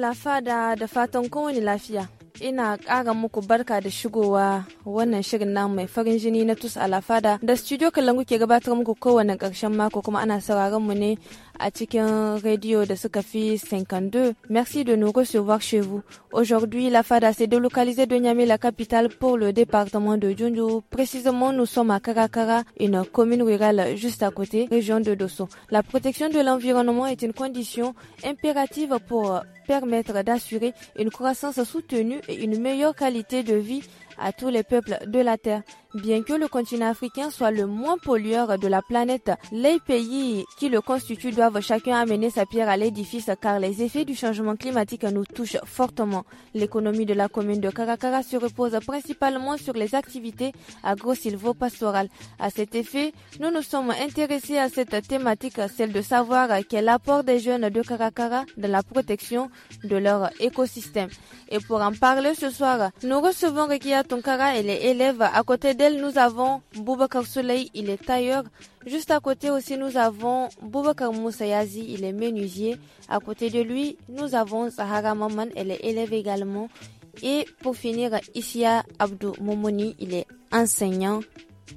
lafada fada da fatan kowane lafiya. Ina kara muku barka da shigowa wannan shirin namu mai farin jini na Tus Alafada da Studio kallon kuke gabatar muku kowane ƙarshen mako kuma ana sauraron mu ne à Radio de Sokafi 52. Merci de nous recevoir chez vous. Aujourd'hui, la FADA s'est délocalisée de Niamey, la capitale, pour le département de Djundjou. Précisément, nous sommes à Karakara, une commune rurale juste à côté, région de Dosso. La protection de l'environnement est une condition impérative pour permettre d'assurer une croissance soutenue et une meilleure qualité de vie à tous les peuples de la Terre. Bien que le continent africain soit le moins pollueur de la planète, les pays qui le constituent doivent chacun amener sa pierre à l'édifice car les effets du changement climatique nous touchent fortement. L'économie de la commune de Karakara se repose principalement sur les activités agro pastorales À cet effet, nous nous sommes intéressés à cette thématique, celle de savoir quel apport des jeunes de Karakara dans la protection de leur écosystème. Et pour en parler ce soir, nous recevons Rekia Tonkara, elle est élève. À côté d'elle, nous avons Boubacar Soleil, il est tailleur. Juste à côté aussi, nous avons Boubacar Moussayazi, il est menuisier. À côté de lui, nous avons Sahara Maman, elle est élève également. Et pour finir, Isia Abdou Momoni, il est enseignant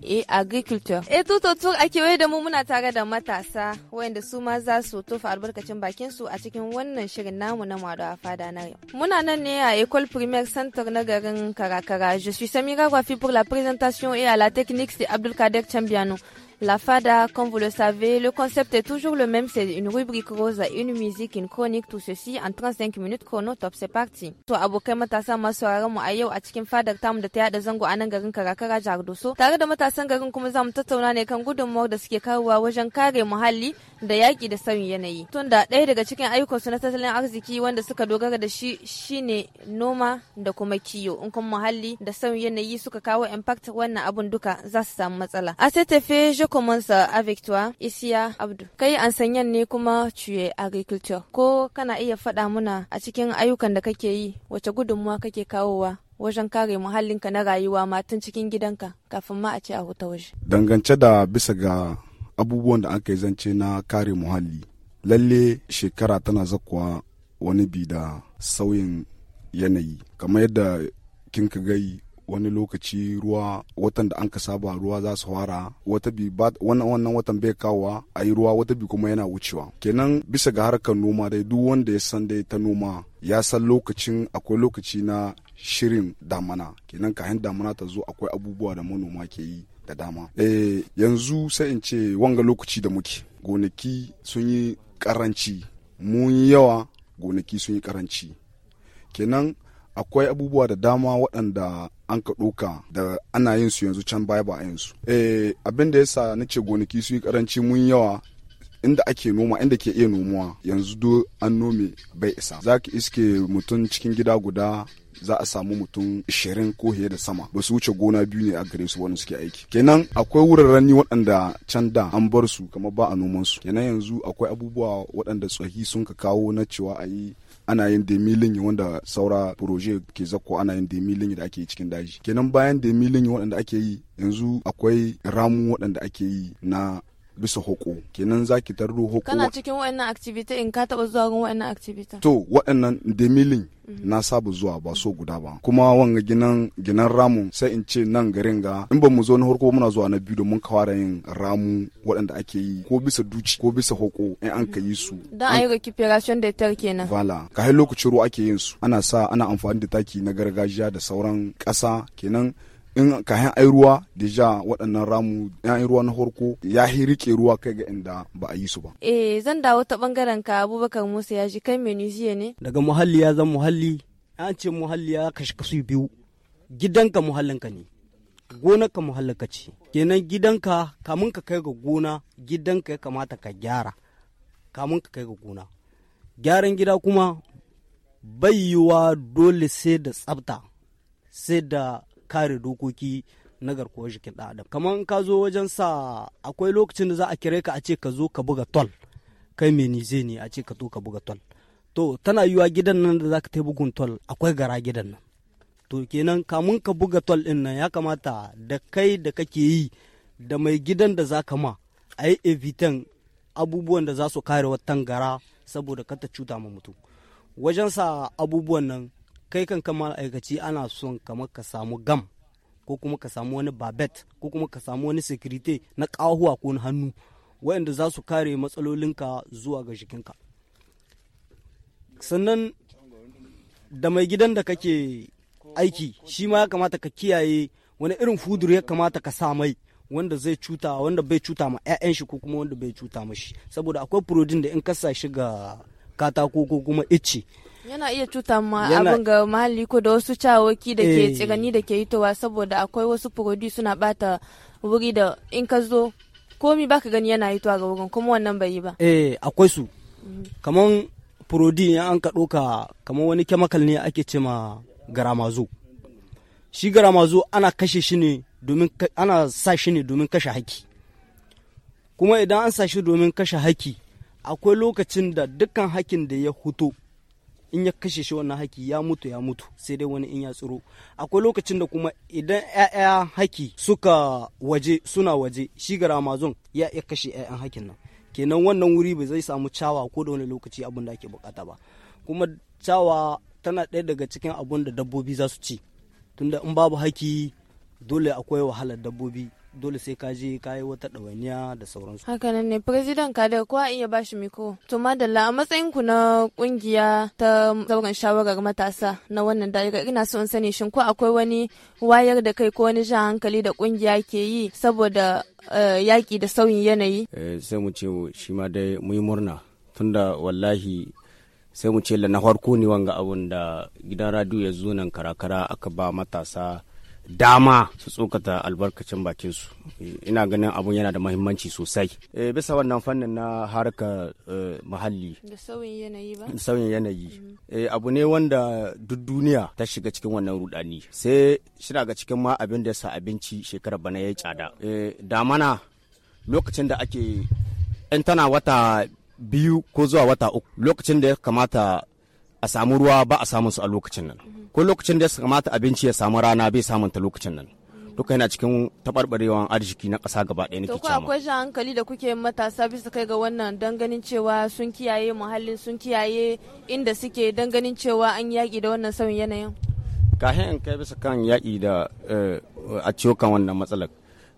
et eh, agriculteurs. Et eh, tout autour a kewaye da mu muna tare da matasa wayanda su ma za su tofa albarkacin bakin su a cikin wannan shirin namu na Mado a fada na Muna nan ne a École Primaire Centre na garin Karakara. Je suis Samira Wafi pour la présentation et à la technique c'est Abdelkader Chambiano. La fada, comme vous le savez, le concept est toujours le même, c'est une rubrique rose, une musique, une chronique, tout ceci en 35 minutes chrono top, c'est parti. To abokai matasa masu sauraron mu a yau a cikin fadar tamu da ta yada zango a nan garin Karakara jihar Doso. Tare da matasan garin kuma zamu tattauna ne kan gudunmawar da suke kawowa wajen kare muhalli da yaƙi da sauyin yanayi. Tunda ɗaya daga cikin ayyukansu na tattalin arziki wanda suka dogara da shi shine noma da kuma kiyo. In kuma muhalli da sauyin yanayi suka kawo impact wannan abun duka za su samu matsala. A sai tafe commence avec toi, Isiya Abdu. Kai ansanyan ne kuma tu es agriculture. Ko kana iya faɗa muna a cikin ayyukan da kake yi, wace gudunmuwa kake kawowa wajen kare muhallin ka na rayuwa matan cikin gidanka kafin ma a ce a huta waje. Dangance da bisa ga abubuwan da aka yi zance na kare muhalli, lalle shekara tana zakuwa wani bi da sauyin yanayi. Kamar yadda kin ka gai wani lokaci ruwa watan da an ka saba ruwa za su fara wata bi wannan wannan watan bai kawowa a yi ruwa wata bi kuma yana wucewa kenan bisa ga harkar noma dai duk wanda ya san dai ta noma ya san lokacin akwai lokaci na shirin damana kenan kayan damana ta zo akwai abubuwa da manoma ke yi da dama eh yanzu sai in ce wanga lokaci da muke gonaki sun yi karanci mun yawa gonaki sun yi karanci kenan akwai abubuwa da dama waɗanda an ka ɗoka da ana yin su yanzu can baya ba a yin su eh abin da yasa na ce gonaki su yi karanci mun yawa inda ake noma inda ke iya nomuwa yanzu do an nome bai isa za ka iske mutum cikin gida guda za a samu mutum 20 ko da sama ba su wuce gona biyu ne a gare su wani suke aiki kenan akwai wuraren ni waɗanda can da an bar su kama ba a noman su kenan yanzu akwai abubuwa waɗanda tsohi sun ka kawo na cewa a yi ana yin demilinyi wanda saura proje ke zakko ana yin demilinyi da ake cikin daji kenan bayan demilinyi waɗanda ake yi yanzu akwai ramu waɗanda ake yi na bisa hoko kenan za ki tarro hoko kana cikin wa'annan activity in ka taba zuwa ga wa'annan activity to waɗannan da milin na saba zuwa ba so guda ba kuma wanga ginan ginan ramu sai in ce nan garin ga in ba mu zo na harko muna zuwa na biyu domin kawara yin ramu waɗanda ake yi ko bisa duci ko bisa hoko in an ka yi su dan ayi recuperation da tar kenan wala ka hai lokacin ruwa ake yin su ana sa ana amfani da taki na gargajiya da sauran kasa kenan in ka yi ai ruwa deja waɗannan ramu yan ruwa na farko ya hi rike ruwa kai ga inda ba a yi su ba eh zan dawo ta bangaren ka Abubakar Musa ya ji kai menisiye ne daga muhalli ya zan muhalli an ce muhalli ya kashe kasu biyu gidanka muhallinka ne gonarka muhallinka ce kenan gidanka kamun ka kai ga gona gidanka ya kamata ka gyara kamun ka kai ga gona gyaran gida kuma bai dole sai da tsafta sai da kare dokoki na garkuwar jikin ɗan adam kamar ka zo wajen sa akwai lokacin da za a kire ka a ce ka zo ka buga tol kai mai nize ne a ce ka zo ka buga tol to tana yiwa gidan nan da za ka tai bugun tol akwai gara gidan nan to kenan kamun ka buga tol ɗin nan ya kamata da kai da kake yi da mai gidan da za ka ma a yi evitan abubuwan da za su kare watan gara saboda kata cuta ma mutum wajen sa abubuwan nan kai kan kama aikaci ana son kamar ka samu gam ko kuma ka samu wani babet ko kuma ka samu wani sekirite na kahuwa ko na hannu wayanda za su kare matsalolinka zuwa ga jikinka sannan da mai gidan da kake aiki shi ma ya kamata ka kiyaye wani irin fudur ya kamata ka sa mai wanda zai cuta wanda bai cuta ma 'ya'yan shi ko kuma wanda bai cuta mashi saboda akwai furodin da in ka shi ga katako ko kuma icce yana iya cuta ma abin ga mahalli ko da wasu cawoki da ke eh. tsirani da ke hitowa saboda akwai wasu furodi suna bata wuri da in ka zo komi baka gani yana hitowa ga wurin kuma wannan bai yi ba eh akwai su mm. kaman furodi an ka ɗoka kaman wani kemakal ne ake ce ma garamazo shi garamazo ana kashe shi ne domin ana sa shi ne domin kashe haki kuma idan an sa shi domin kashe haki akwai lokacin da dukkan hakin da ya huto in ya kashe shi wannan haki ya mutu ya mutu sai dai wani in ya tsiro akwai lokacin da kuma idan 'ya'ya haki suka waje suna waje shi ga ramazon ya iya kashe 'ya'yan hakin nan kenan wannan wuri ba zai samu cawa ko da wani lokaci abun da ake bukata ba kuma cawa tana ɗaya daga cikin abun da dabbobi za su ci tunda in babu haki dole akwai wahalar dabbobi dole sai ka je ka yi wata ɗawainiya da sauransu. Hakanan ne Firizidan Kadir ko a iya bashi miko. To madalla a matsayin ku na kungiya ta zauren shawarar matasa na wannan da'ira ina so in sani shin ko akwai wani wayar da kai ko wani jan hankali da kungiya ke yi saboda eh, yaƙi da sauyin yanayi. Eh, sai mu ce shi ma dai mu yi murna tunda wallahi sai mu ce na farko ne wanga abun da gidan radiyo ya zo nan karakara aka ba matasa dama su tsokata albarkacin bakinsu ina ganin abun yana da mahimmanci sosai eh, bisa wannan fannin na harka eh, muhalli da sauyin yanayi ba sauyin yanayi mm-hmm. eh, abu ne wanda duk duniya ta shiga cikin wannan rudani sai shina ga cikin ma abin da sa abinci shekarar bana ya yi tsada damana lokacin da ake in tana wata biyu ko zuwa wata uku lokacin da ya kamata a samu ruwa ba a samun su a lokacin nan ko lokacin da ya kamata abinci ya samu rana bai samun ta lokacin nan duka yana cikin taɓarɓarewan arziki na ƙasa gaba ɗaya nake cewa. akwai jan hankali da kuke matasa bisa kai ga wannan don ganin cewa sun kiyaye muhallin sun kiyaye inda suke don ganin cewa an yaƙi da wannan sauyin yanayin. kahin in kai bisa kan yaƙi da eh, a ciwo kan wannan matsalar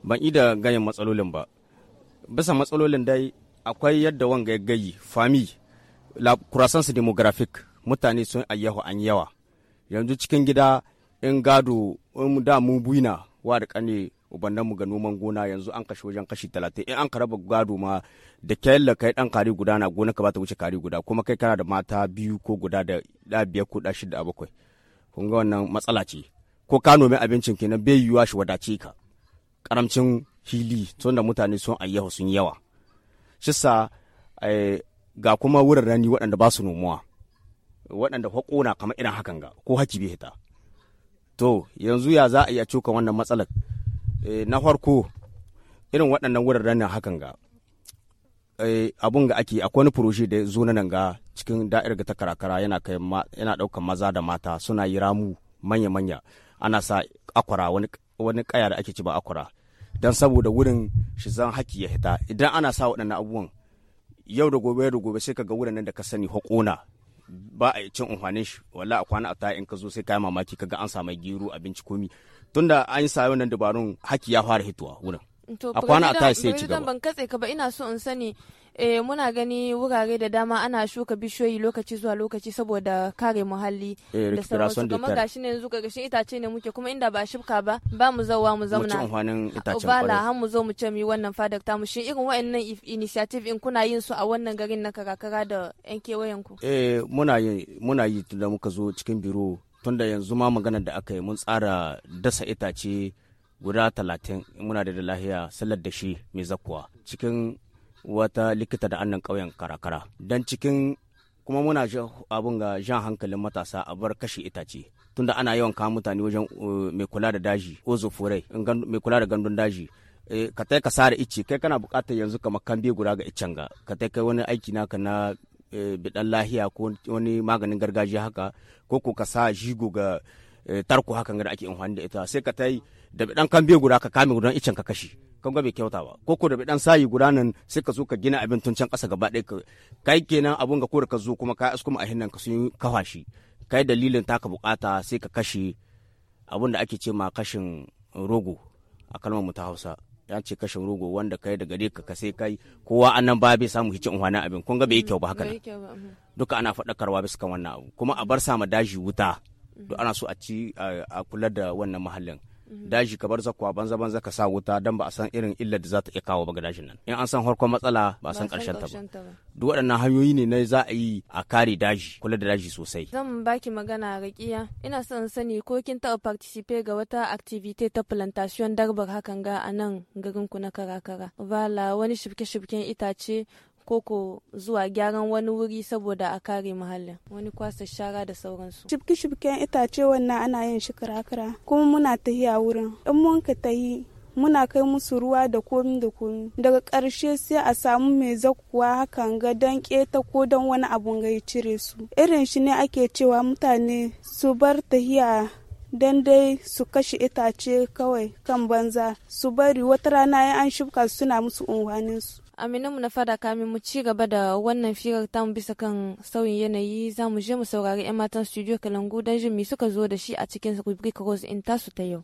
ban yi da gayin matsalolin ba bisa matsalolin dai akwai yadda wanga ya gayi fami kurasansu demographic mutane sun ayyahu an yawa yanzu cikin gida in gado in da mu buina wa da kane ubannanmu ga noman gona yanzu an kashe wajen kashi talatin in an ka raba gado ma da la kai dan kari guda na gona ka ba ta wuce kari guda kuma kai kana da mata biyu ko guda da da biyar ko da shida bakwai kun ga wannan matsala ce ko ka nomi abincin kenan bai yiwuwa shi wadace ka karamcin hili tunda mutane sun ayyahu sun yawa sa eh, ga kuma ni waɗanda ba su nomuwa waɗanda fa ƙona kamar irin hakan ga ko haki bai hita to yanzu ya za a yi a wannan matsalar eh, na farko irin waɗannan wuraren nan hakan ga eh, abun ga ake akwai wani furoshi da zo nan ga cikin da'ir ga ta karakara yana kai ɗaukan maza da mata suna yi ramu manya-manya ana sa akwara wani wani kaya da ake ci ba akwara don saboda wurin shi zan haki ya hita idan ana sa waɗannan abubuwan yau da gobe da gobe sai ka ga wurin nan da ka sani haƙona ba a cin amfanin shi wala a kwana a in ka zo sai kai mamaki kaga an samu gero abinci komi tunda an yi sayo nan dabarun haki ya fara hitowa wurin a kwana a ta sai ci gaba ban katse ka ba ina so in sani Eh, muna gani wurare da dama ana shuka bishiyoyi lokaci zuwa lokaci saboda kare muhalli eh, da sauransu kamar gashi ne yanzu gashi itace ne muke kuma inda ba shibka ba ba mu zauwa mu zauna bala har mu zo mu ce mu yi wannan fadar ta mu shi irin wa'annan initiative in kuna yin su a wannan garin na karakara da yan kewayen ku eh muna yi muna yi da muka zo cikin biro tunda yanzu ma maganar da aka yi mun tsara dasa itace guda talatin muna da lahiya sallar da shi mai zakuwa cikin wata likita da annan ƙauyen karakara don cikin kuma muna abin ga jan hankalin matasa a bar kashe itace tunda ana yawan kawo mutane wajen eh, mai kula da daji ozo furai mai kula da gandun daji eh, ka tai ka sare ice kai kana buƙatar yanzu kamar kambe guda ga icen ga ka tai kai wani aiki naka na eh, bidan lahiya ko wani maganin gargajiya haka ko ko ka sa jigo ga tarko haka. da ake amfani da ita sai ka tai da dan kambe guda ka kame guda icen ka kashi kan ga bai kyauta ba ko ko da dan sayi guda nan sai ka zo ka gina abin tun can kasa gaba ɗaya kai kenan abun ga ko da ka zo kuma ka asku a hinnan ka sun kafa shi kai dalilin ka bukata sai ka kashe abun da ake ce ma kashin rogo a kalmar mu ta Hausa ya ce kashin rogo wanda kai da gare ka ka sai kai kowa annan ba bai samu hicin wani abin kun ga bai kyau ba haka mm. duka ana faɗakarwa bisa kan wannan abu kuma a bar sama daji wuta duk mm. ana so a ci a kula da wannan mahallin Mhm. daji kamar zakwa banza banza ka sa wuta dan ba a san irin illar da za ta iya kawo ba ga dajin nan in an san harkon matsala ba a san karshen ta ba duk waɗannan hanyoyi ne na za a yi a kare daji kula da daji sosai zan baki magana rakiya ina son sani ko kin taɓa participate ga wata activity ta plantation darbar hakan ga a nan garin ku na karakara bala wani shibke shibken itace koko zuwa gyaran wani wuri saboda a kare muhallin wani kwasa shara da sauransu shibki shibken itace wannan ana yin shi kira kuma muna a wurin in mun ka tahi muna kai musu ruwa da komi da komi daga karshe sai a samu mai zakuwa hakan ga don keta ko don wani abun ga cire su irin shi ne ake cewa mutane su bar tahiya don dai su kashe itace kawai kan banza su bari wata rana an shibka suna musu unwaninsu Aminu mu na fada kamin mu ci gaba da wannan firar tamu bisa kan sauyin yanayi za mu je mu saurari 'yan matan studio Kalangu don jin mi suka zo da shi a cikin rubrika Rose in tasu ta yau.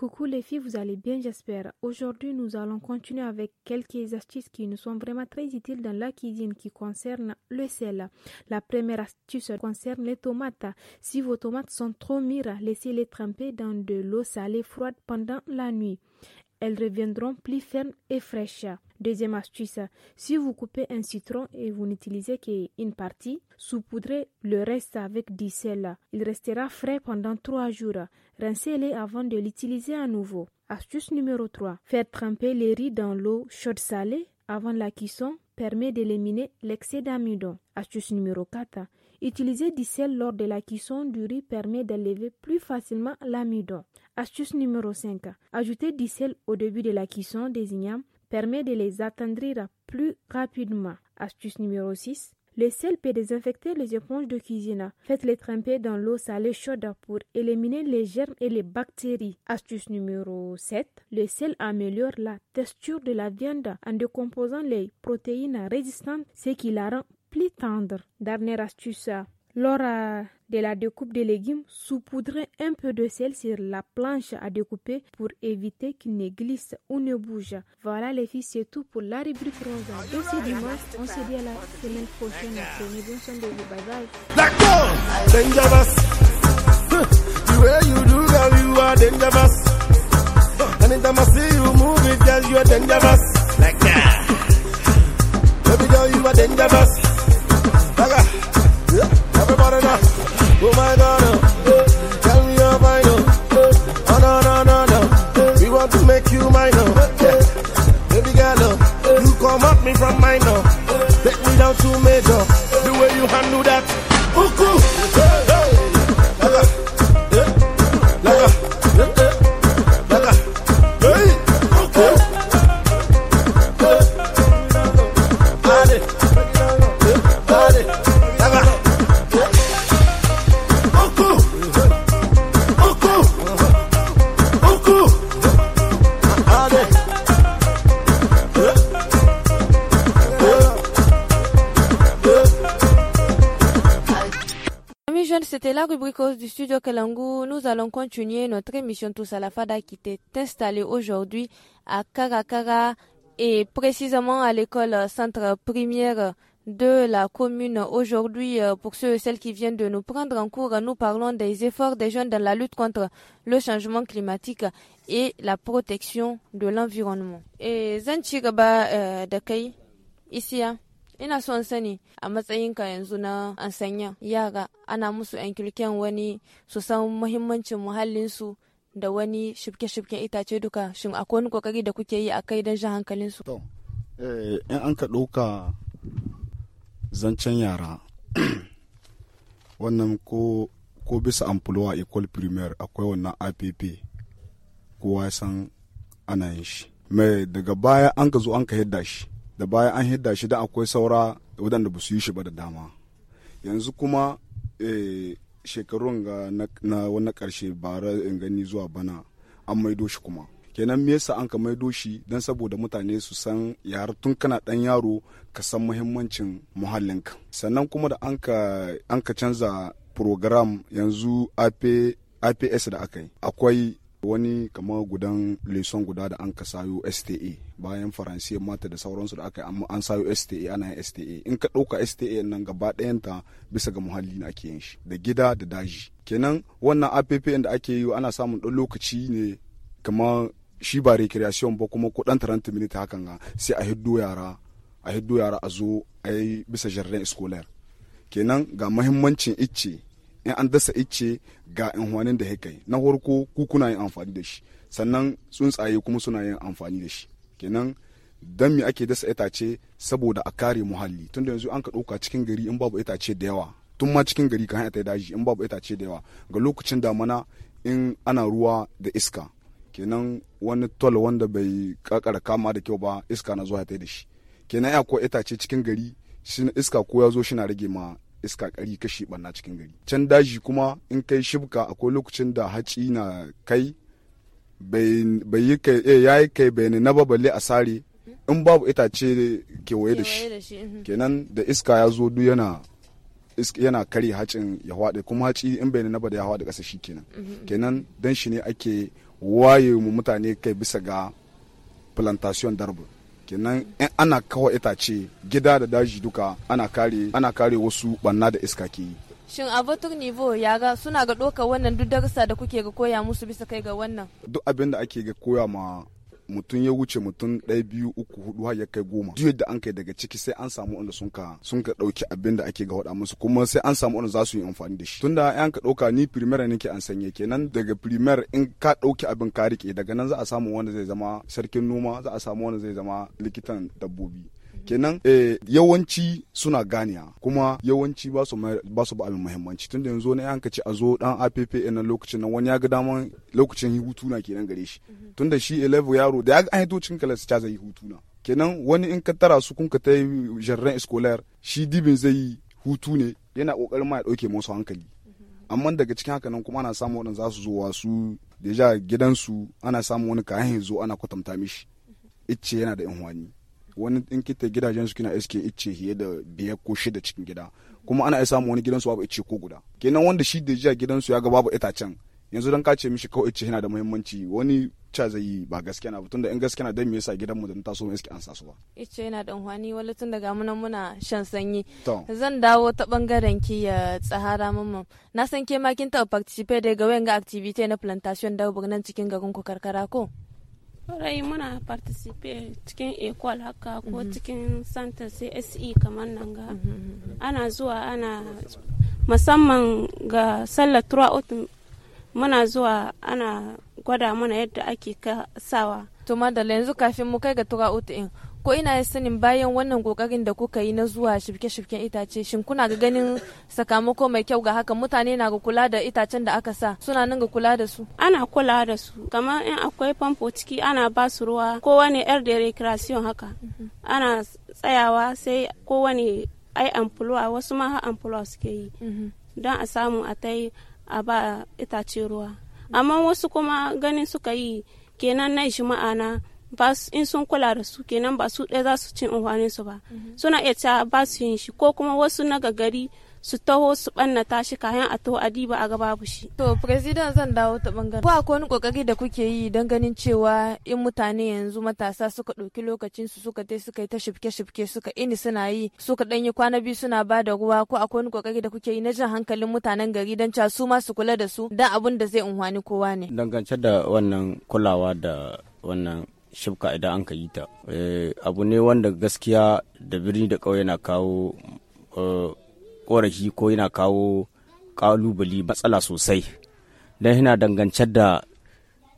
Coucou les filles, vous allez bien j'espère. Aujourd'hui nous allons continuer avec quelques astuces qui nous sont vraiment très utiles dans la cuisine qui concerne le sel. La première astuce concerne les tomates. Si vos tomates sont trop mûres, laissez-les tremper dans de l'eau salée froide pendant la nuit. Elles reviendront plus fermes et fraîches. Deuxième astuce, si vous coupez un citron et vous n'utilisez qu'une partie, saupoudrez le reste avec du sel. Il restera frais pendant trois jours. Rincez-les avant de l'utiliser à nouveau. Astuce numéro 3. Faire tremper les riz dans l'eau chaude salée avant la cuisson permet d'éliminer l'excès d'amidon. Astuce numéro 4. Utiliser du sel lors de la cuisson du riz permet d'élever plus facilement l'amidon. Astuce numéro 5. Ajouter du sel au début de la cuisson des permet de les attendrir plus rapidement. Astuce numéro 6. Le sel peut désinfecter les éponges de cuisine. Faites-les tremper dans l'eau salée chaude pour éliminer les germes et les bactéries. Astuce numéro 7. Le sel améliore la texture de la viande en décomposant les protéines résistantes, ce qui la rend plus tendre. Dernière astuce lors de la découpe des légumes, saupoudrez un peu de sel sur la planche à découper pour éviter qu'il ne glisse ou ne bouge. Voilà les filles, c'est tout pour la rubrique rose de c'est dimanche. On se dit à la semaine prochaine. Prenez bien soin de vous. Bye bye. D'accord you do girl, you are dangerous And anytime I see you move it, girl, you are dangerous Like that Baby girl, you are dangerous Like that Everybody now, tell me oh no no no no, we want to make you mine, oh. baby girl, oh, you come me from mine, oh. take me down to major, the way you handle that. cause du studio Kelangu, nous allons continuer notre émission Tous à la Fada qui était installée aujourd'hui à Karakara et précisément à l'école centre primaire de la commune. Aujourd'hui, euh, pour ceux et celles qui viennent de nous prendre en cours, nous parlons des efforts des jeunes dans la lutte contre le changement climatique et la protection de l'environnement. Et Zanchigaba euh, Dakei, ici, hein. ina son sani a matsayinka yanzu na sanya yara ana musu yan kirken wani su san muhimmancin muhallinsu da wani shifke-shifken itace duka shin akwai wani kokari da kuke yi a kai don shan hankalinsu to eh, in an ka ɗauka zancen yara wannan ko ko bisa amfulwa equal premier akwai wannan app kowa san ana yin shi mai daga baya an ka zo an ka yadda shi da baya an hidda shi da akwai saura waɗanda ba su yi shi ba da dama yanzu kuma eh, shekarun ga na wani ƙarshe bara in gani zuwa bana an maido shi kuma kenan me yasa an ka maido shi don saboda mutane su san yar tun kana ɗan yaro ka san muhimmancin muhallinka sannan kuma da an ka canza program yanzu ips da aka yi akwai wani kamar gudan leson guda da an ka sayo STA bayan faransiya mata da sauransu da aka yi an sayo STA ana yin STA in ka ɗauka STA nan gaba ɗayanta bisa ga muhalli na ake yin shi da gida da daji kenan wannan APP da ake yi ana samun ɗan lokaci ne kama shi ba recreation ba kuma ko ɗan 30 minita hakan ga sai a hiddo yara a hiddo yara a zo a yi bisa jardin scolaire kenan ga mahimmancin icce in an dasa ice ga inhuwanin da kai na farko kukuna yin amfani da shi sannan tsuntsaye kuma suna yin amfani da shi kenan dan me ake dasa itace saboda a kare muhalli tun da yanzu an ka ɗauka cikin gari in babu itace da yawa tun ma cikin gari kan ta daji in babu itace da yawa ga lokacin damana in ana ruwa da iska kenan wani tol wanda bai kakara kama da kyau ba iska na zuwa ta da shi kenan ya ko itace cikin gari iska ko ya zo shi na rage ma iska kari kashi banna cikin gari can daji kuma in kai shibka akwai lokacin da haci na kai bai yi kai eh, ya yi kai bai na ba balle a sare in babu itace kewaye da shi mhm. kenan da iska ya zo duk yana yana kare hacin ya hwaɗe kuma haci in bai na ba da ya hwaɗe ƙasa shi kenan mhm. kenan dan shi ne ake waye mu mutane kai bisa ga plantation darbu kenan in ana kawo itace gida da daji duka ana kare ana kare wasu banna da iska ke Shin a Votur Nivo ya ga suna ga ɗaukar wannan duk darasa da kuke ga koya musu bisa kai ga wannan? Duk abin da ake ga koya ma mutum ya wuce mutum ɗaya biyu uku hudu har ya kai goma duk yadda an kai daga ciki sai an samu wanda sun ka sun ka ɗauki abin da ake ga faɗa musu kuma sai an samu wanda za su yi amfani da shi tunda an ka ɗauka ni primaire ke an sanya kenan daga primaire in ka ɗauki abin ka rike daga nan za a samu wanda zai zama sarkin noma za a samu wanda zai zama likitan dabbobi kenan eh, yawanci suna ganiya kuma yawanci ba su ba abin muhimmanci tunda yanzu ne an ce a zo dan APP na lokacin nan wani ya ga daman lokacin hutu na kenan gare shi mhm. tunda shi 11 yaro da ya ga an hito cikin kalas ta zai hutu na kenan wani in ka tara su kun ka ta yi jarran scolaire shi dibin zai yi hutu ne yana kokarin ma ya dauke musu hankali mhm. amma daga cikin haka nan kuma ana samu wadanda za su zo wasu deja gidansu ana samu wani kayan zo ana kwatanta mishi mhm. icce yana da yan wani in kita gidajen su kina iske ice fiye da biyar ko shida cikin gida kuma ana iya samun wani gidan su babu ice ko guda kenan wanda shi da jiya su ya ga babu itacen yanzu don kace mishi kawai ice yana da muhimmanci wani ca zai yi ba gaskiya na tunda in gaskiya na dan me yasa gidan mu da taso mu iske an su ba ice yana da hwani wala tun daga muna muna shan sanyi zan dawo ta bangaren ki ya tsahara mamman na san ke ma kin ta participate daga wayan ga activity na plantation da nan cikin garin ku karkara ko rai muna participe cikin ecol haka ko mhm. cikin santa cse kamar nan ga mhm, mhm, ana zuwa ana musamman ga sallar throughout muna zuwa ana gwada mana yadda ake sawa to madalla yanzu kafin mu kai ga throughout in ko ina sanin bayan wannan kokarin da kuka yi na zuwa shirke-shirken itace shin kuna ga ganin sakamako mai kyau ga haka mutane na ga kula da itacen da aka sa suna nan ga kula da su ana kula da su kamar in akwai famfo ciki ana ba su ruwa wani yar da recreation haka mhm. ana tsayawa sai kowane ai amfuluwa wasu ma amfuluwa suke yi mhm. don a samu a ta a ba itace ruwa amma wasu kuma ganin suka yi kenan nan shi ma'ana ba in sun kula da su kenan ba su ɗaya za su cin amfanin su ba suna iya ta ba su yin shi ko kuma wasu na gagari su taho su ɓanna tashi kayan a taho adiba a gaba shi. to president zan dawo ta bangare. ko akwai wani kokari da kuke yi don ganin cewa in mutane yanzu matasa suka ɗauki lokacin su suka tai suka yi ta shifke shifke suka ini suna yi suka ɗan yi kwana biyu suna ba da ruwa ko akwai wani kokari da kuke yi na jan hankalin mutanen gari don ca su ma su kula da su don abun da zai unhwani kowa ne. dangance da wannan kulawa da wannan shifka idan an ka yi ta eh, abu ne wanda gaskiya da birni da ƙauye na kawo eh, ƙorafi ko yana kawo ƙalubali matsala sosai don yana dangance da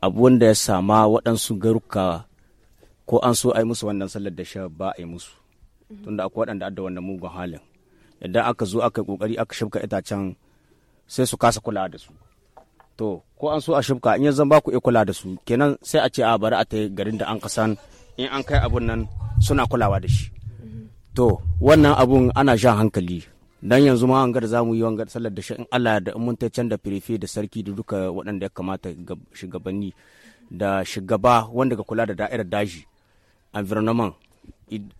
abu da ya sama waɗansu garuka ko an so a yi musu wannan sallar da sha ba a yi musu tunda akwai waɗanda adda wannan mugun halin idan aka zo aka yi ƙoƙari aka shafka itacen sai su kasa kula da su to ko an so a shibka in yanzu ba ku iya kula da su kenan sai a ce a bari a ta garin da an kasan in an kai abun nan suna kulawa da shi to wannan abun ana shan hankali dan yanzu ma hangar za mu yi wangar sallar da in Allah da mun ta can da firife da sarki da duka waɗanda ya kamata shugabanni da shugaba wanda ga kula da da'irar daji environment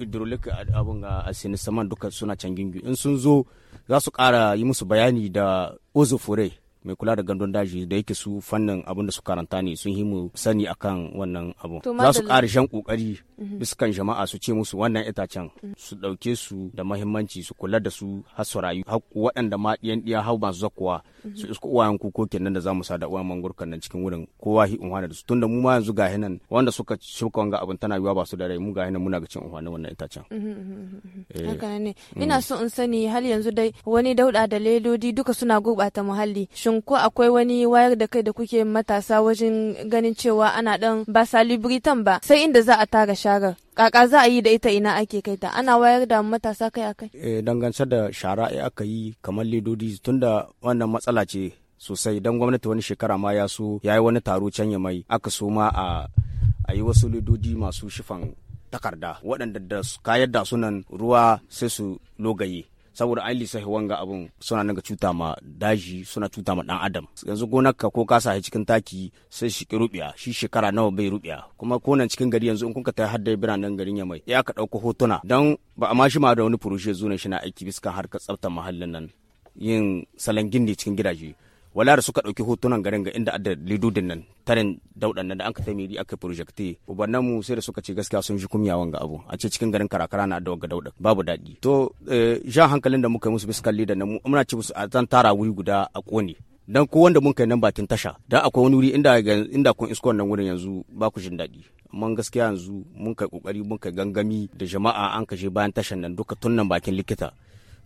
idrolik abun ga asini saman duka suna can gingu in sun zo za su ƙara yi musu bayani da ozofore mai kula da gandun daji da yake su fannin abin da su karanta ne sun yi mu sani akan wannan abu za su ƙara shan ƙoƙari mhm. biskan jama'a su ce musu wannan itacen mhm. su ɗauke su da mahimmanci su kula da su har su rayu waɗanda ma ɗiyan ɗiya har masu kuwa. Mhm. su isko uwayen kukokin nan da za mu sa da uwayen mangurkan nan cikin wurin kowa hi unhwana da su tunda mu ma yanzu gahi nan wanda suka shuka wanga abin tana yiwa ba su da rai mu gahi nan muna ga cin unhwana wannan itacen. Eh. haka ne mm. ina so in sani har yanzu dai wani dauɗa da ledodi duka suna gurɓata muhalli shin ko akwai wani wayar da kai da kuke matasa wajen ganin cewa ana dan ba salibritan ba sai inda za a tara sharar kaka za a yi da ita ina ake kai ta ana wayar da matasa kai akai eh dangantar da shara aka yi kamar ledodi tunda wannan matsala ce sosai dan gwamnati wani shekara ma ya so ya yi wani taro can ya mai aka so ma a a yi wasu ledodi masu shifan takarda waɗanda da kayar da sunan ruwa sai su logaye saboda an lissafi wanga abun suna nan cuta ma daji suna cuta ma dan adam yanzu gonarka ko ka sa cikin taki sai shi ki rubiya shi shekara nawa bai rubiya kuma ko nan cikin gari yanzu in kun ka ta hadda biranen garin ya mai ya ka dauko hotuna dan ba a shi ma da wani furushe zuwa shi na aiki har harkar tsaftar mahallin nan yin salangin ne cikin gidaje wala da suka ɗauki hotunan garin ga inda adda lidudin nan tarin daudan nan da an ka ta miri aka projecte ubannan mu sai da suka ce gaskiya sun ji kumya wanga abu a ce cikin garin karakara na da ga daudan babu daɗi to eh, jan hankalin da muka yi musu fiscal leader na mu muna ci musu a zan tara wuri guda a ƙone dan ko wanda mun kai nan bakin tasha da akwai wani wuri inda inda kun iskon nan wurin yanzu ba ku jin daɗi amma gaskiya yanzu mun kai kokari mun kai gangami da jama'a an kashe bayan tashan nan duka tun nan bakin likita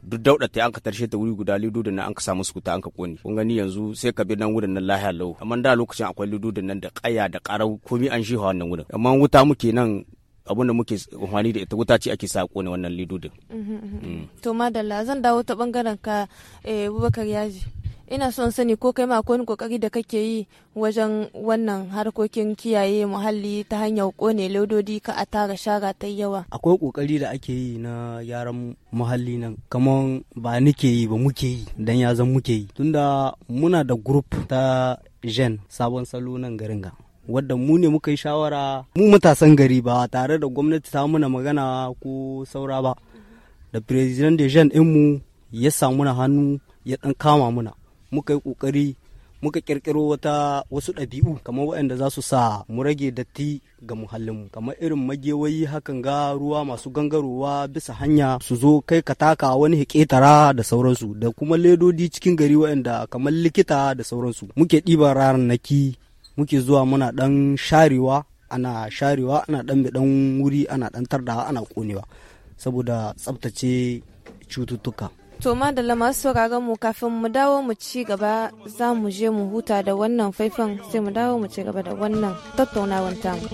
duk dauɗa ta an ka tarshe ta wuri guda lidudin nan an ka samu ta an ka kone kun gani yanzu sai ka bi nan wurin nan lahiya lau amma da lokacin akwai lidudin nan da ƙaya da ƙarau komi an shi wannan wurin amma wuta muke nan abunda da muke amfani da ita wuta ce ake sa kone wannan lidudin. Mm-hmm, mm-hmm. mm. To madalla zan dawo ta bangaren ka eh, Bubakar Yaji. ina son sani ko kai ma akwai kokari da kake yi wajen wannan harkokin kiyaye muhalli ta hanyar kone laudodi ka a tara shara ta yawa akwai kokari da ake yi na yaran muhalli nan kamar ba nike yi ba muke yi dan ya zan muke yi tunda muna da group ta jen sabon salo nan garin ga wadda mu ne muka yi shawara mu matasan gari ba tare da gwamnati ta muna magana ko saura ba da president de in mu ya samu na hannu ya dan kama muna muka yi ƙoƙari muka kirkiro wata wasu ɗabi'u kamar waɗanda za su sa mu rage datti ga muhallinmu kamar irin magewayi hakan ga ruwa masu gangarowa bisa hanya su zo kai ka taka wani hiketara da sauransu da kuma ledodi cikin gari waɗanda kamar likita da sauransu muke ɗiban ranaki muke zuwa muna ɗan sharewa ana sharewa ana ɗan ɗan wuri ana ɗan tardawa ana ƙonewa saboda tsabtace cututtuka To da masu sauraron mu kafin mu dawo mu ci gaba za mu je mu huta da wannan faifan sai mu dawo mu ci gaba da wannan tattaunawar tamu.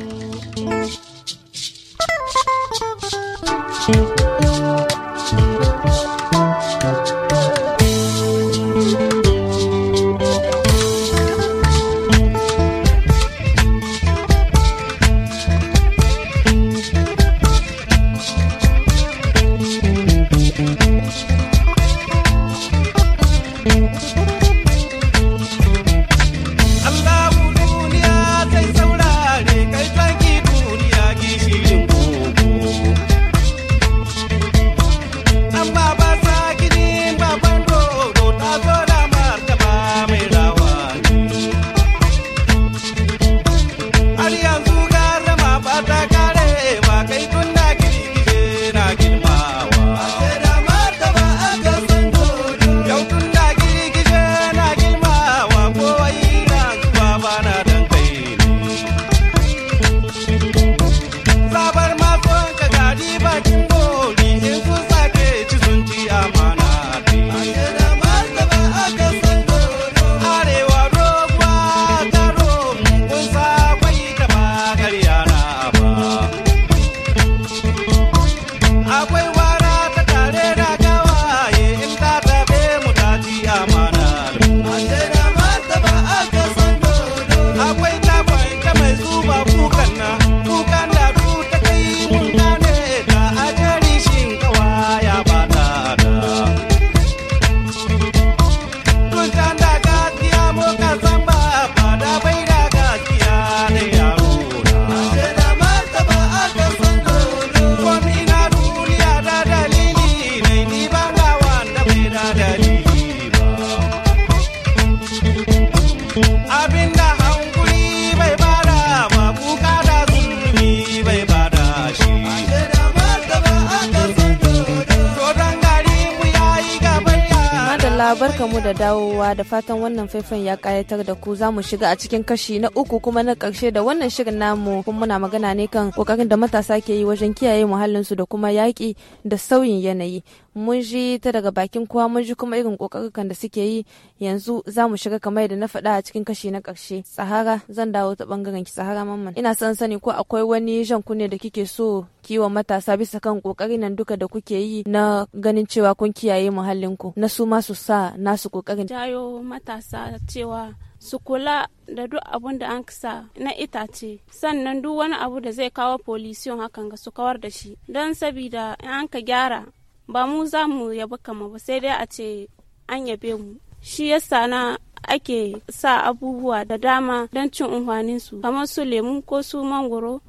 dawowa da fatan wannan faifan ya kayatar da ku za mu shiga a cikin kashi na uku kuma na karshe da wannan shirin namu kuma muna magana ne kan kokarin da matasa ke yi wajen kiyaye muhallinsu da kuma yaƙi da sauyin yanayi mun ji ta daga bakin kowa mun ji kuma irin kokarukan da suke yi yanzu za mu shiga kamar da na faɗa a cikin kashi na karshe sahara zan dawo ta bangaren ki sahara mamman ina son sani ko akwai wani jan kunne da kike so kiwon matasa bisa kan kokari nan duka da kuke yi na ganin cewa kun kiyaye muhallinku na su ma sa nasu kokarin jayo matasa cewa su kula da duk abun da an kisa na itace sannan duk wani abu da zai kawo polisiyon hakan ga su kawar da shi don sabida an ka gyara ba mu za mu yabi kama ba sai dai a ce an yabe mu shi yasa na ake sa abubuwa da dama don cin unhwaninsu kamar su lemu ko su mangoro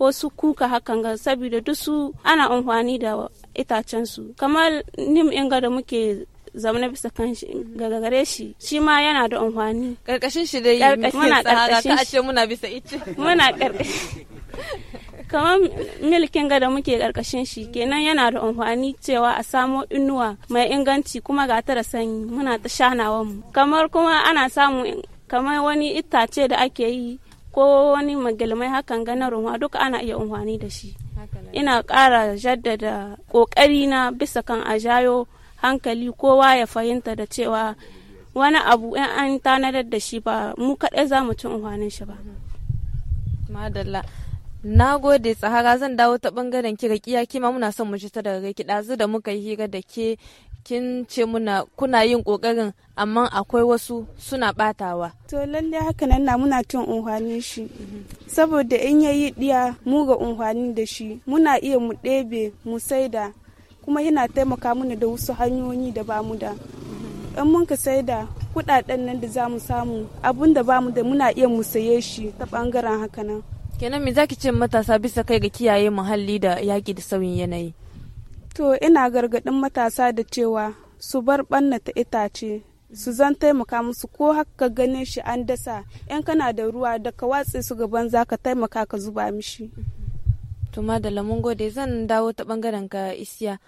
ko su kuka hakan ga saboda duk su ana amfani da itacen su kamar nim inga da muke zaune bisa kan ga gare shi shi ma yana da amfani karkashin shi da yi muna karkashin shi muna bisa ice muna karkashin kamar milkin ga da muke karkashin shi kenan yana da amfani cewa a samo inuwa mai inganci kuma ga tara sanyi muna ta shanawa mu kamar kuma ana samu kamar wani itace da ake yi ko wani magalmai hakan ga na duka ana iya unhwani da shi ina kara jaddada ƙoƙari na bisa kan a jayo hankali kowa ya fahimta da cewa wani abu in an tanadar da shi ba mu kaɗai za mu ci unhwanin shi ba madalla na gode tsahara zan dawo ta bangaren kira kima muna son mu ji ta daga ki ɗazu da muka yi hira da ke kin ce muna kuna yin kokarin amma akwai wasu suna batawa to lalle haka nan na muna cin unhwani shi saboda in ya yi diya mu ga unhwani da shi muna iya mu ɗebe mu saida kuma yana taimaka mana da wasu hanyoyi da ba mu da in mun ka saida kudaden nan da za mu samu abun da ba mu da muna iya mu saye shi ta bangaren haka nan kenan me zaki ce matasa bisa kai ga kiyaye muhalli da yaki da sauyin yanayi To ina gargaɗin matasa da cewa su bar ta itace su zan taimaka musu ko haka ganin shi an dasa yan kana da ruwa da ka watse su gaban za ka taimaka ka zuba mishi. To da mun gode zan dawo ta bangaren ka isiya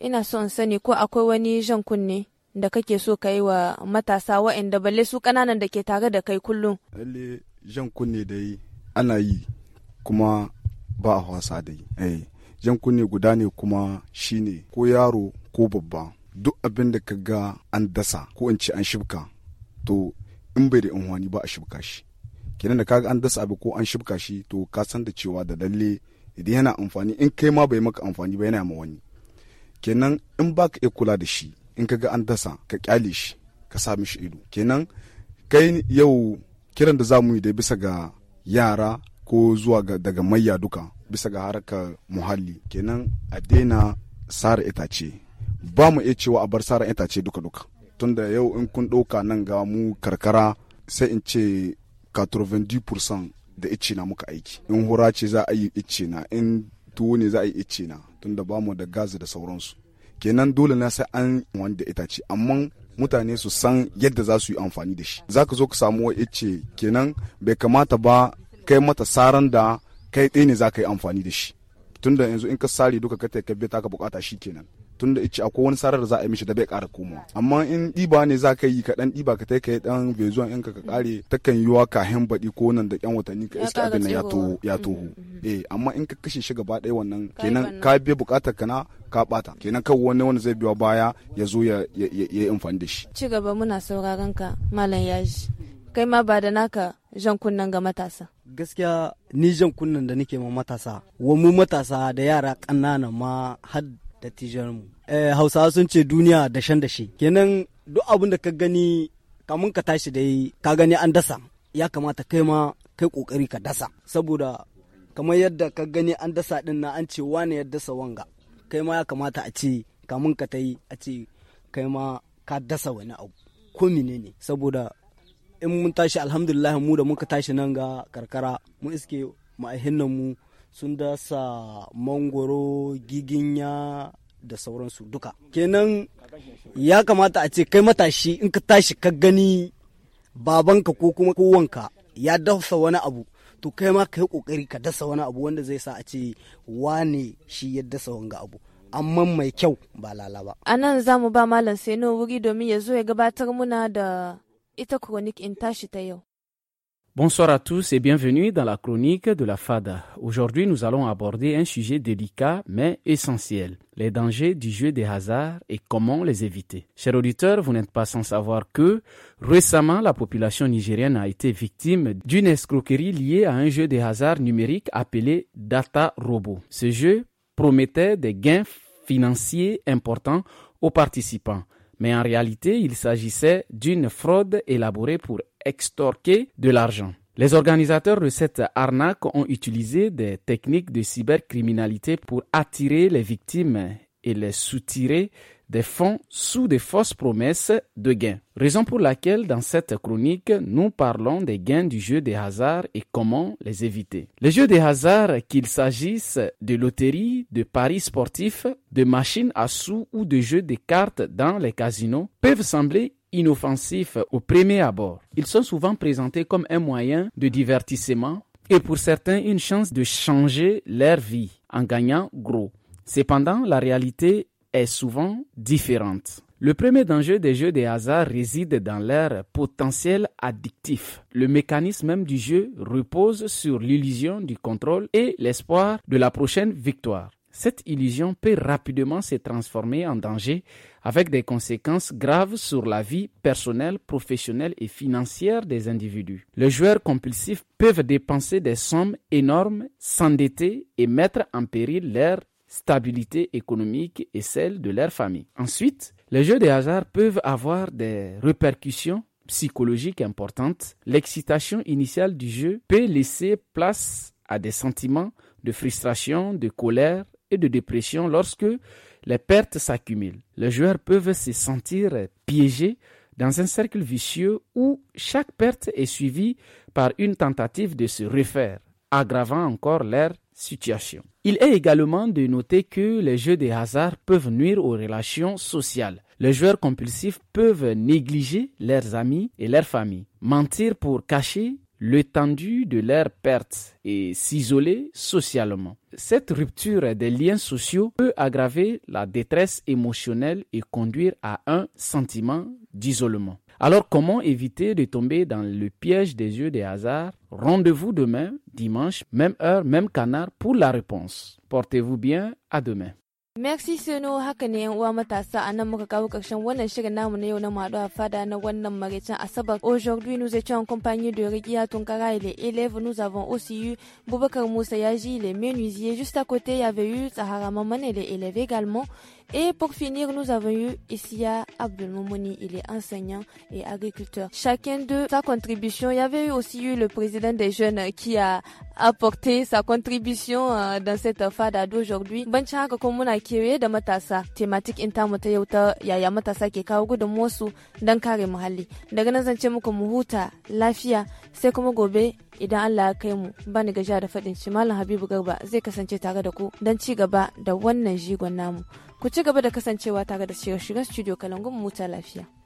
ina so in sani ko akwai wani jan kunne da kake so ka yi wa matasa wa'anda balle su kananan da ke tare da kai kullum. Lalle jan kunne da yi ana yi kuma ba a wasa da yi. Eh. jan kunne guda ne kuma shine ko yaro ko babba duk abin da ka ga an dasa ko in ce an shibka to in bai da wani ba a shibka shi kenan da kaga an dasa abu ko an shibka shi to ka san da cewa da lalle idan yana amfani in kai ma bai maka amfani ba yana ma wani kenan in ba ka iya kula da shi in ka ga an dasa ka kyale shi ka sa mishi ido kenan kai yau kiran da za mu yi da bisa ga yara ko zuwa daga mayya duka bisa ga harkar muhalli kenan a daina sara itace ba mu iya cewa a bar sara itace duka duka tunda yau in kun ɗauka nan ga mu karkara sai in ce 90% da ice na muka aiki in hura ce za a yi ice na in tuwo ne za a yi ice na tunda ba mu da gazi da sauransu kenan dole na sai an wanda itace amma mutane su san yadda za su yi amfani da shi za ka zo ka samu wa ice kenan bai kamata ba kai mata saran da kai ɗaya ne za ka yi amfani da shi tunda yanzu in ka sare duka ka ka biya taka ka bukata shi kenan tunda ice akwai wani sarar da za a yi mishi da bai ƙara komawa amma in ɗiba ne za ka yi ka ɗan ɗiba ka yi ka yi dan bezuwan in ka ƙare takan yi wa kahin baɗi ko nan da ƴan watanni ka iska abin nan ya toho mm, mm, mm, eh amma in ka kashe shi gaba ɗaya wannan kenan ka biya bukatar ka na ka ɓata kenan kan wani wanda zai biya baya ya zo ya yi amfani da shi. ci gaba muna sauraron ka malam yaji. kai ma ba da naka jan kunnan ga matasa gaskiya ni jan kunnan da nake ma matasa wa mu matasa da yara ƙanana ma har da mu eh, hausawa sun ce duniya dashen dashe kenan duk abin da ka gani kamun ka tashi dai ka gani an dasa ya kamata kai ma kai kokari ka dasa saboda kamar yadda ka gani an dasa din na an ce wane ya dasa wanga kai ma ya kamata a ce kamun ka ta yi a ce kai ma ka dasa wani abu ko ne saboda in mun tashi alhamdulillah mu da muka tashi nan ga karkara mun iske ma'ahinan mu sun dasa mangoro giginya da sauransu duka kenan ya kamata a ce kai matashi in ka tashi ka gani babanka ko kuma kowanka ya dasa wani abu to kai ma ka kokari ka dasa wani abu wanda zai sa a ce wane shi ya dasa wanga abu amma mai kyau ba lalaba. a nan za mu ba malam seno wuri domin ya zo ya gabatar muna da Bonsoir à tous et bienvenue dans la chronique de la FADA. Aujourd'hui, nous allons aborder un sujet délicat mais essentiel, les dangers du jeu des hasards et comment les éviter. Chers auditeurs, vous n'êtes pas sans savoir que récemment, la population nigérienne a été victime d'une escroquerie liée à un jeu des hasards numérique appelé Data robot. Ce jeu promettait des gains financiers importants aux participants mais en réalité il s'agissait d'une fraude élaborée pour extorquer de l'argent. Les organisateurs de cette arnaque ont utilisé des techniques de cybercriminalité pour attirer les victimes et les soutirer des fonds sous des fausses promesses de gains. Raison pour laquelle dans cette chronique, nous parlons des gains du jeu des hasards et comment les éviter. Les jeux des hasards, qu'il s'agisse de loteries, de paris sportifs, de machines à sous ou de jeux de cartes dans les casinos, peuvent sembler inoffensifs au premier abord. Ils sont souvent présentés comme un moyen de divertissement et pour certains une chance de changer leur vie en gagnant gros. Cependant, la réalité est souvent différente. Le premier danger des jeux de hasard réside dans leur potentiel addictif. Le mécanisme même du jeu repose sur l'illusion du contrôle et l'espoir de la prochaine victoire. Cette illusion peut rapidement se transformer en danger avec des conséquences graves sur la vie personnelle, professionnelle et financière des individus. Les joueurs compulsifs peuvent dépenser des sommes énormes, s'endetter et mettre en péril leur stabilité économique et celle de leur famille. Ensuite, les jeux de hasard peuvent avoir des répercussions psychologiques importantes. L'excitation initiale du jeu peut laisser place à des sentiments de frustration, de colère et de dépression lorsque les pertes s'accumulent. Les joueurs peuvent se sentir piégés dans un cercle vicieux où chaque perte est suivie par une tentative de se refaire, aggravant encore leur il est également de noter que les jeux de hasard peuvent nuire aux relations sociales. Les joueurs compulsifs peuvent négliger leurs amis et leurs familles, mentir pour cacher l'étendue de leur perte et s'isoler socialement. Cette rupture des liens sociaux peut aggraver la détresse émotionnelle et conduire à un sentiment d'isolement. Alors comment éviter de tomber dans le piège des yeux des hasards Rendez-vous demain, dimanche, même heure, même canard pour la réponse. Portez-vous bien, à demain. Merci Sino haka ne yan uwa matasa a nan muka kawo ƙarshen wannan shirin namu na yau na maɗu fada na wannan maraicin Asabar. Aujourd'hui nous étions en compagnie de Rikia Tonkara et les élèves. Nous avons aussi eu Boubacar Moussa Yaji, les menuisiers. Juste à côté, il y avait eu Sahara Maman et les élèves également. Et pour finir, nous avons eu Issia Abdelmoumouni, il est enseignant et agriculteur. Chacun de sa contribution, il y avait eu aussi eu le président des jeunes qui a apporté sa contribution euh, dans cette fada d'aujourd'hui. Bancin haka kuma muna kewaye da matasa, Thématique in ta yaya matasa ke kawo gudunmuwarsu don kare muhalli. Daga nan zance muku mu huta lafiya sai kuma gobe idan Allah ya kai mu bani gaja da faɗin shi Malam Habibu Garba zai kasance tare da ku dan ci gaba da wannan jigon namu. Ku ci gaba da kasancewa tare da shirye-shiryen Studio Kalangun mu ta lafiya.